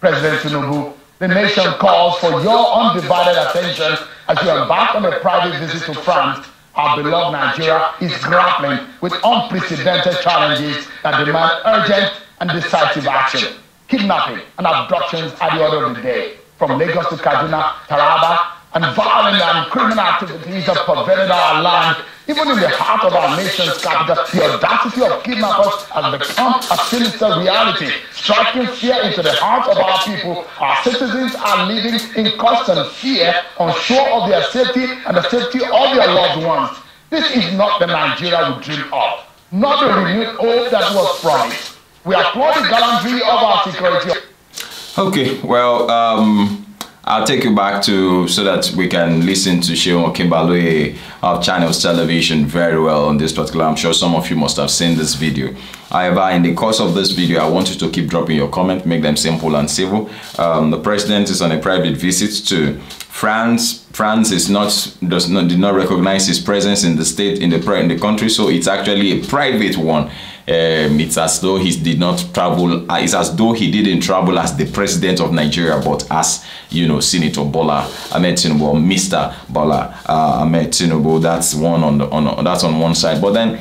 President Tinubu, the nation calls for your undivided attention as you embark on a private visit to France. Our beloved Nigeria is grappling with unprecedented challenges that demand urgent and decisive action. Kidnapping and abductions are the order of the day. From Lagos to Kaduna, Taraba, and violent and criminal activities have pervaded our land, even in the heart of our nation's capital, the audacity of kidnappers has become a sinister reality, striking fear into the hearts of our people. Our citizens are living in constant fear, unsure of their safety and the safety of their loved ones. This is not the Nigeria we dream of, not the renewed hope that was promised. We applaud the gallantry of our security. Okay, well, um, I'll take you back to so that we can listen to Sheon Kimbalue of Channels Television very well on this particular. I'm sure some of you must have seen this video. However, in the course of this video, I want you to keep dropping your comment, make them simple and civil. Um, the president is on a private visit to France. France is not does not did not recognize his presence in the state in the in the country, so it's actually a private one. Um, it's as though he did not travel. Uh, it's as though he didn't travel as the president of Nigeria, but as you know, Senator Bola Ahmed Tinubu, Mr. Bola uh, Ahmed Tinubu. That's one on the on that's on one side. But then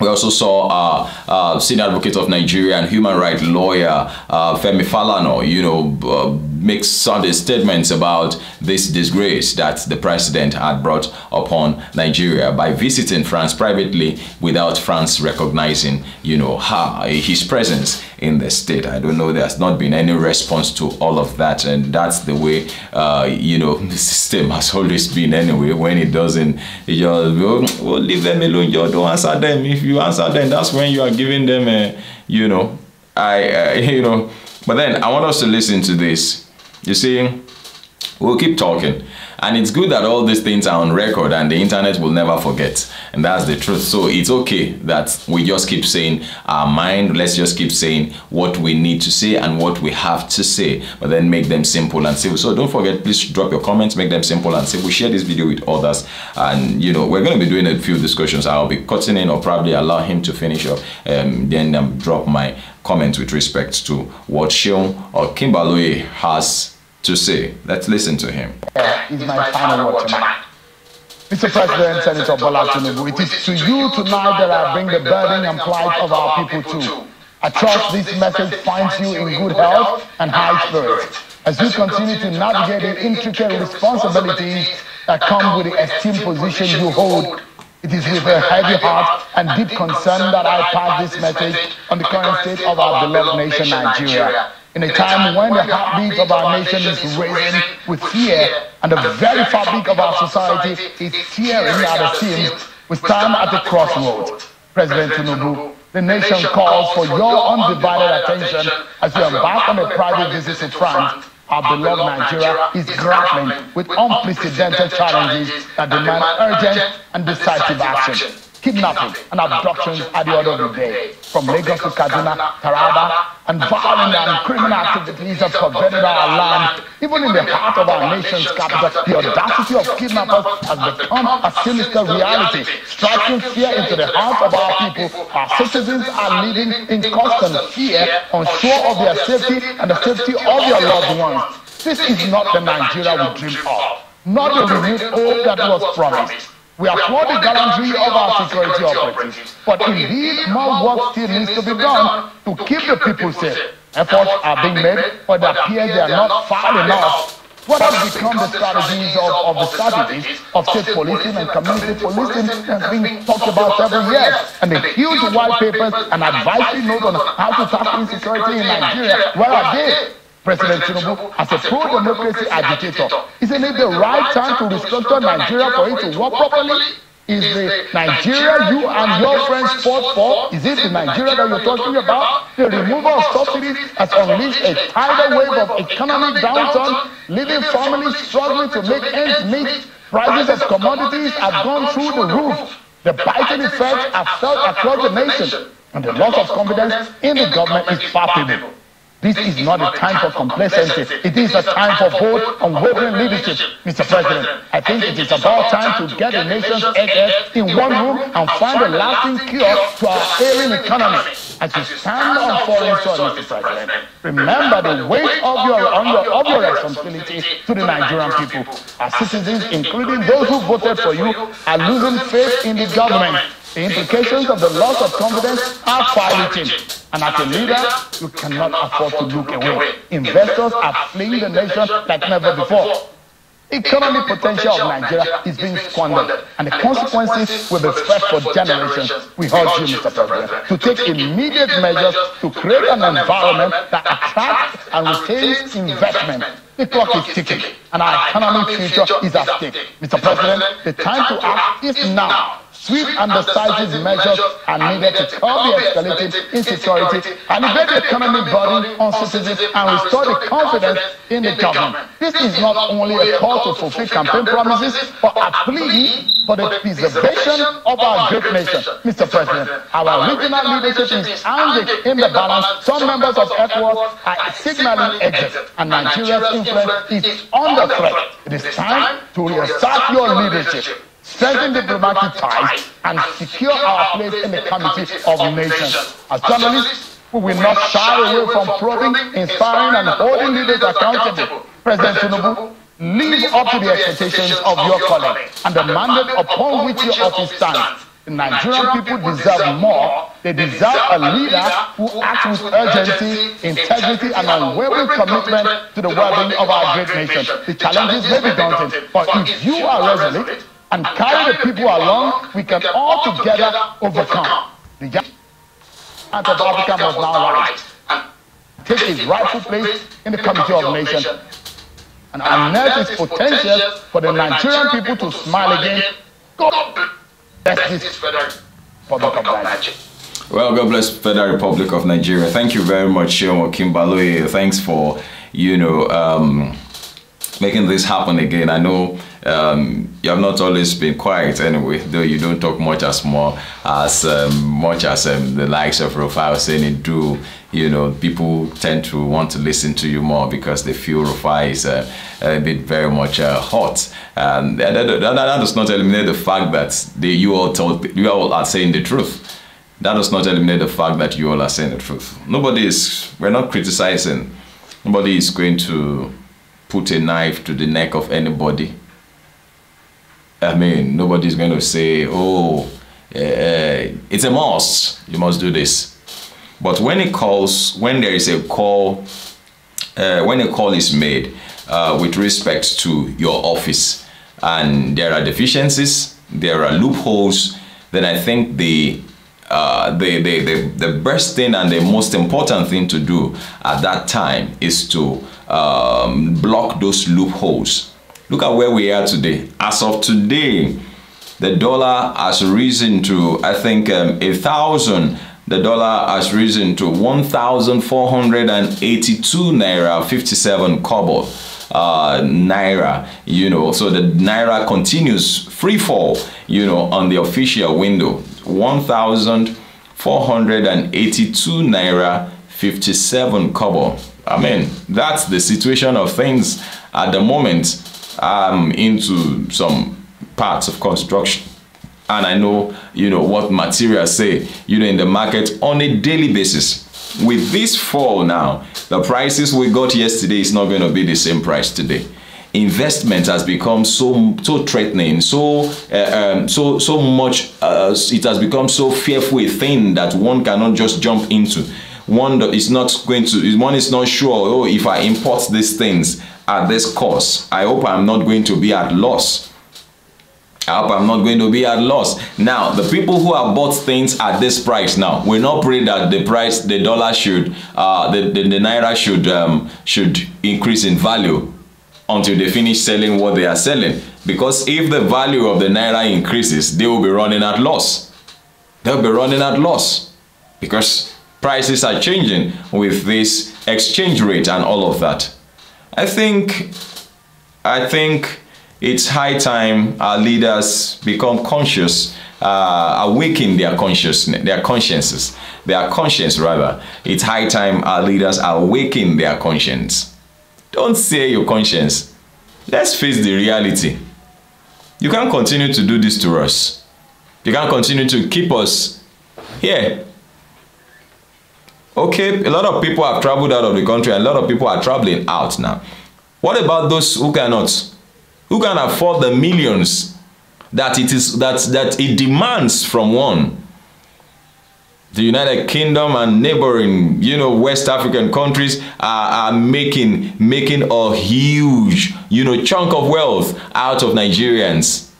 we also saw uh, uh, senior advocate of Nigeria and human rights lawyer uh, Femi Falano, you know, uh, makes certain statements about this disgrace that the president had brought upon Nigeria by visiting France privately without France recognizing, you know, her, his presence in the state. I don't know, there's not been any response to all of that and that's the way, uh, you know, the system has always been anyway. When it doesn't, you just, well, oh, oh, leave them alone, you don't answer them. If you answer them, that's when you are giving them a, uh, you know, I, uh, you know, but then I want us to listen to this you see, we'll keep talking. And it's good that all these things are on record and the internet will never forget. And that's the truth. So it's okay that we just keep saying our mind, let's just keep saying what we need to say and what we have to say, but then make them simple and simple. So don't forget, please drop your comments, make them simple and simple. Share this video with others. And you know, we're going to be doing a few discussions. I'll be cutting in or probably allow him to finish up. Um, then um, drop my comments with respect to what Shion or Kimbaloye has to say. Let's listen to him. Yeah, uh, my final word tonight. Mr. President, Senator Bola Tinubu, it is to you tonight that I bring the burden and plight of our people to. I trust this message finds you in good health and high spirits as you continue to navigate the intricate responsibilities that come with the esteemed position you hold. It is with a heavy heart and deep concern that I pass this message on the current state of our beloved nation, Nigeria in a time when the heartbeat of our nation is racing with fear and the very fabric of our society is tearing at the seams, we stand at the crossroads. President Tinubu, the nation calls for your undivided attention as you embark on a private visit to France. Our beloved Nigeria is grappling with unprecedented challenges that demand urgent and decisive action kidnapping, and abductions are the order of the day. From Lagos to Kaduna, Taraba, and violent and criminal activities have perverted our land. Even in the heart of our nation's capital, the audacity of kidnappers has become a sinister reality, striking fear into the hearts of our people. Our citizens are living in constant fear, unsure of their safety and the safety of their loved ones. This is not the Nigeria we dream of, not the renewed hope that was promised. We applaud the gallantry of our security operatives, but indeed more work still needs to be done to keep the people safe. Efforts are being made, but it appears they are not far enough. What has become the strategies of, of the strategies of state policing and community policing has been talked about several years, and the huge white papers and advisory notes on how to tackle insecurity in Nigeria, where are they? President Tinubu as a pro-democracy agitator. Isn't it the right time to restructure Nigeria for it to work properly? Is the Nigeria you and your friends fought for? Is it the Nigeria that you're talking about? The removal of subsidies has unleashed a tidal wave of economic downturn, leaving families struggling to make ends meet. Prices of commodities have gone through the roof. The biting effects are felt across the nation, and the loss of confidence in the government is palpable. This, this is, is not a time, time for complacency. It is a time for bold, unwavering leadership, Mr. President. I think it is about time to get the nation's ahead in one room and find a lasting cure to our ailing economy as you stand on foreign soil, Mr. President. Remember the weight of your, on your, of your responsibility to the Nigerian people. Our citizens, including those who voted for you, are losing faith in the government. The implications of the loss of confidence are far-reaching. And as a leader, you cannot afford to look away. Investors are fleeing the nation like never before economic potential of Nigeria is being squandered, and the consequences will be felt for generations. We urge you, Mr. President, to take immediate measures to create an environment that attracts and retains investment. The clock is ticking, and our economic future is at stake. Mr. President, the time to act is now. Swift and decisive measures are needed to curb the escalating insecurity and evade the economic burden on citizens and restore the confidence in the government. This is not only a call to fulfill campaign promises, but a plea for the preservation of our great nation. Mr. President, our regional leadership is angered in the balance. Some members of ECOWAS are signaling exit, and Nigeria's influence is under threat. It is time to restart your leadership. strengthen diplomatic ties, and secure our place in the committee of nations. As journalists, we will not shy away from probing, inspiring, and holding leaders accountable. President Tinubu, live up to the expectations of your colleagues and the mandate upon which your office stands. The Nigerian people deserve more. They deserve a leader who acts with urgency, integrity, and unwavering commitment to the well-being of our great nation. The challenges may be daunting, but if you are resolute, and carry the people along, we can all together overcome. The giant of Africa must now rise and take his rightful place in the Committee of Nations and unleash its potential for the Nigerian people to smile again. God bless this Federal Republic of Nigeria. Well, God bless Federal Republic of Nigeria. Thank you very much, Yomo Kimbaloye. Thanks for, you know, um, making this happen again. I know um, you have not always been quiet anyway, though you don't talk much as more as um, much as um, the likes of Rufai Hosseini do. You know, people tend to want to listen to you more because they feel Rufai is uh, a bit very much uh, hot. And that, that, that, does not eliminate the fact that they, you all told, you all are saying the truth. That does not eliminate the fact that you all are saying the truth. Nobody is, we're not criticizing. Nobody is going to put a knife to the neck of anybody I mean, nobody's going to say, oh, uh, it's a must, you must do this. But when it calls, when there is a call, uh, when a call is made uh, with respect to your office and there are deficiencies, there are loopholes, then I think the uh, the, the, the, the best thing and the most important thing to do at that time is to um, block those loopholes Look at where we are today. As of today, the dollar has risen to, I think, um, a thousand. The dollar has risen to 1,482 naira 57 kobo uh, naira, you know. So the naira continues free fall, you know, on the official window. 1,482 naira 57 kobo. I mean, that's the situation of things at the moment I'm into some parts of construction and I know, you know, what materials say, you know, in the market on a daily basis. With this fall now, the prices we got yesterday is not going to be the same price today. Investment has become so so threatening, so uh, um, so so much. Uh, it has become so fearful a thing that one cannot just jump into. One is not going to. One is not sure. Oh, if I import these things, at this course. I hope I'm not going to be at loss. I hope I'm not going to be at loss. Now, the people who have bought things at this price now, we're not praying that the price, the dollar should, uh, the, the, the naira should, um, should increase in value until they finish selling what they are selling. Because if the value of the naira increases, they will be running at loss. They'll be running at loss because prices are changing with this exchange rate and all of that. I think, I think it's high time our leaders become conscious, uh, awaken their consciousness, their consciences, their conscience rather. It's high time our leaders awaken their conscience. Don't say your conscience. Let's face the reality. You can't continue to do this to us. You can't continue to keep us here Okay, a lot of people have traveled out of the country and a lot of people are traveling out now. What about those who cannot? Who can afford the millions that it is that that it demands from one? The United Kingdom and neighboring, you know, West African countries are, are making making a huge, you know, chunk of wealth out of Nigerians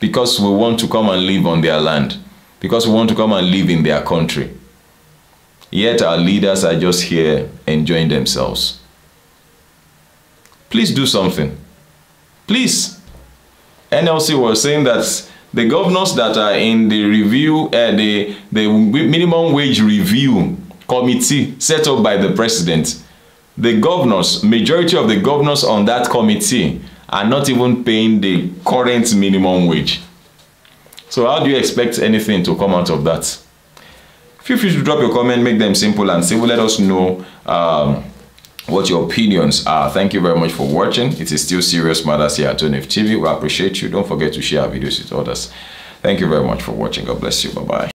because we want to come and live on their land, because we want to come and live in their country. Yet our leaders are just here enjoying themselves. Please do something. Please. NLC was saying that the governors that are in the review, uh, the, the minimum wage review committee set up by the president, the governors, majority of the governors on that committee are not even paying the current minimum wage. So how do you expect anything to come out of that? feel free to drop your comment make them simple and simple let us know um, what your opinions are thank you very much for watching it is still serious matters here at Tonif tv we appreciate you don't forget to share our videos with others thank you very much for watching god bless you bye bye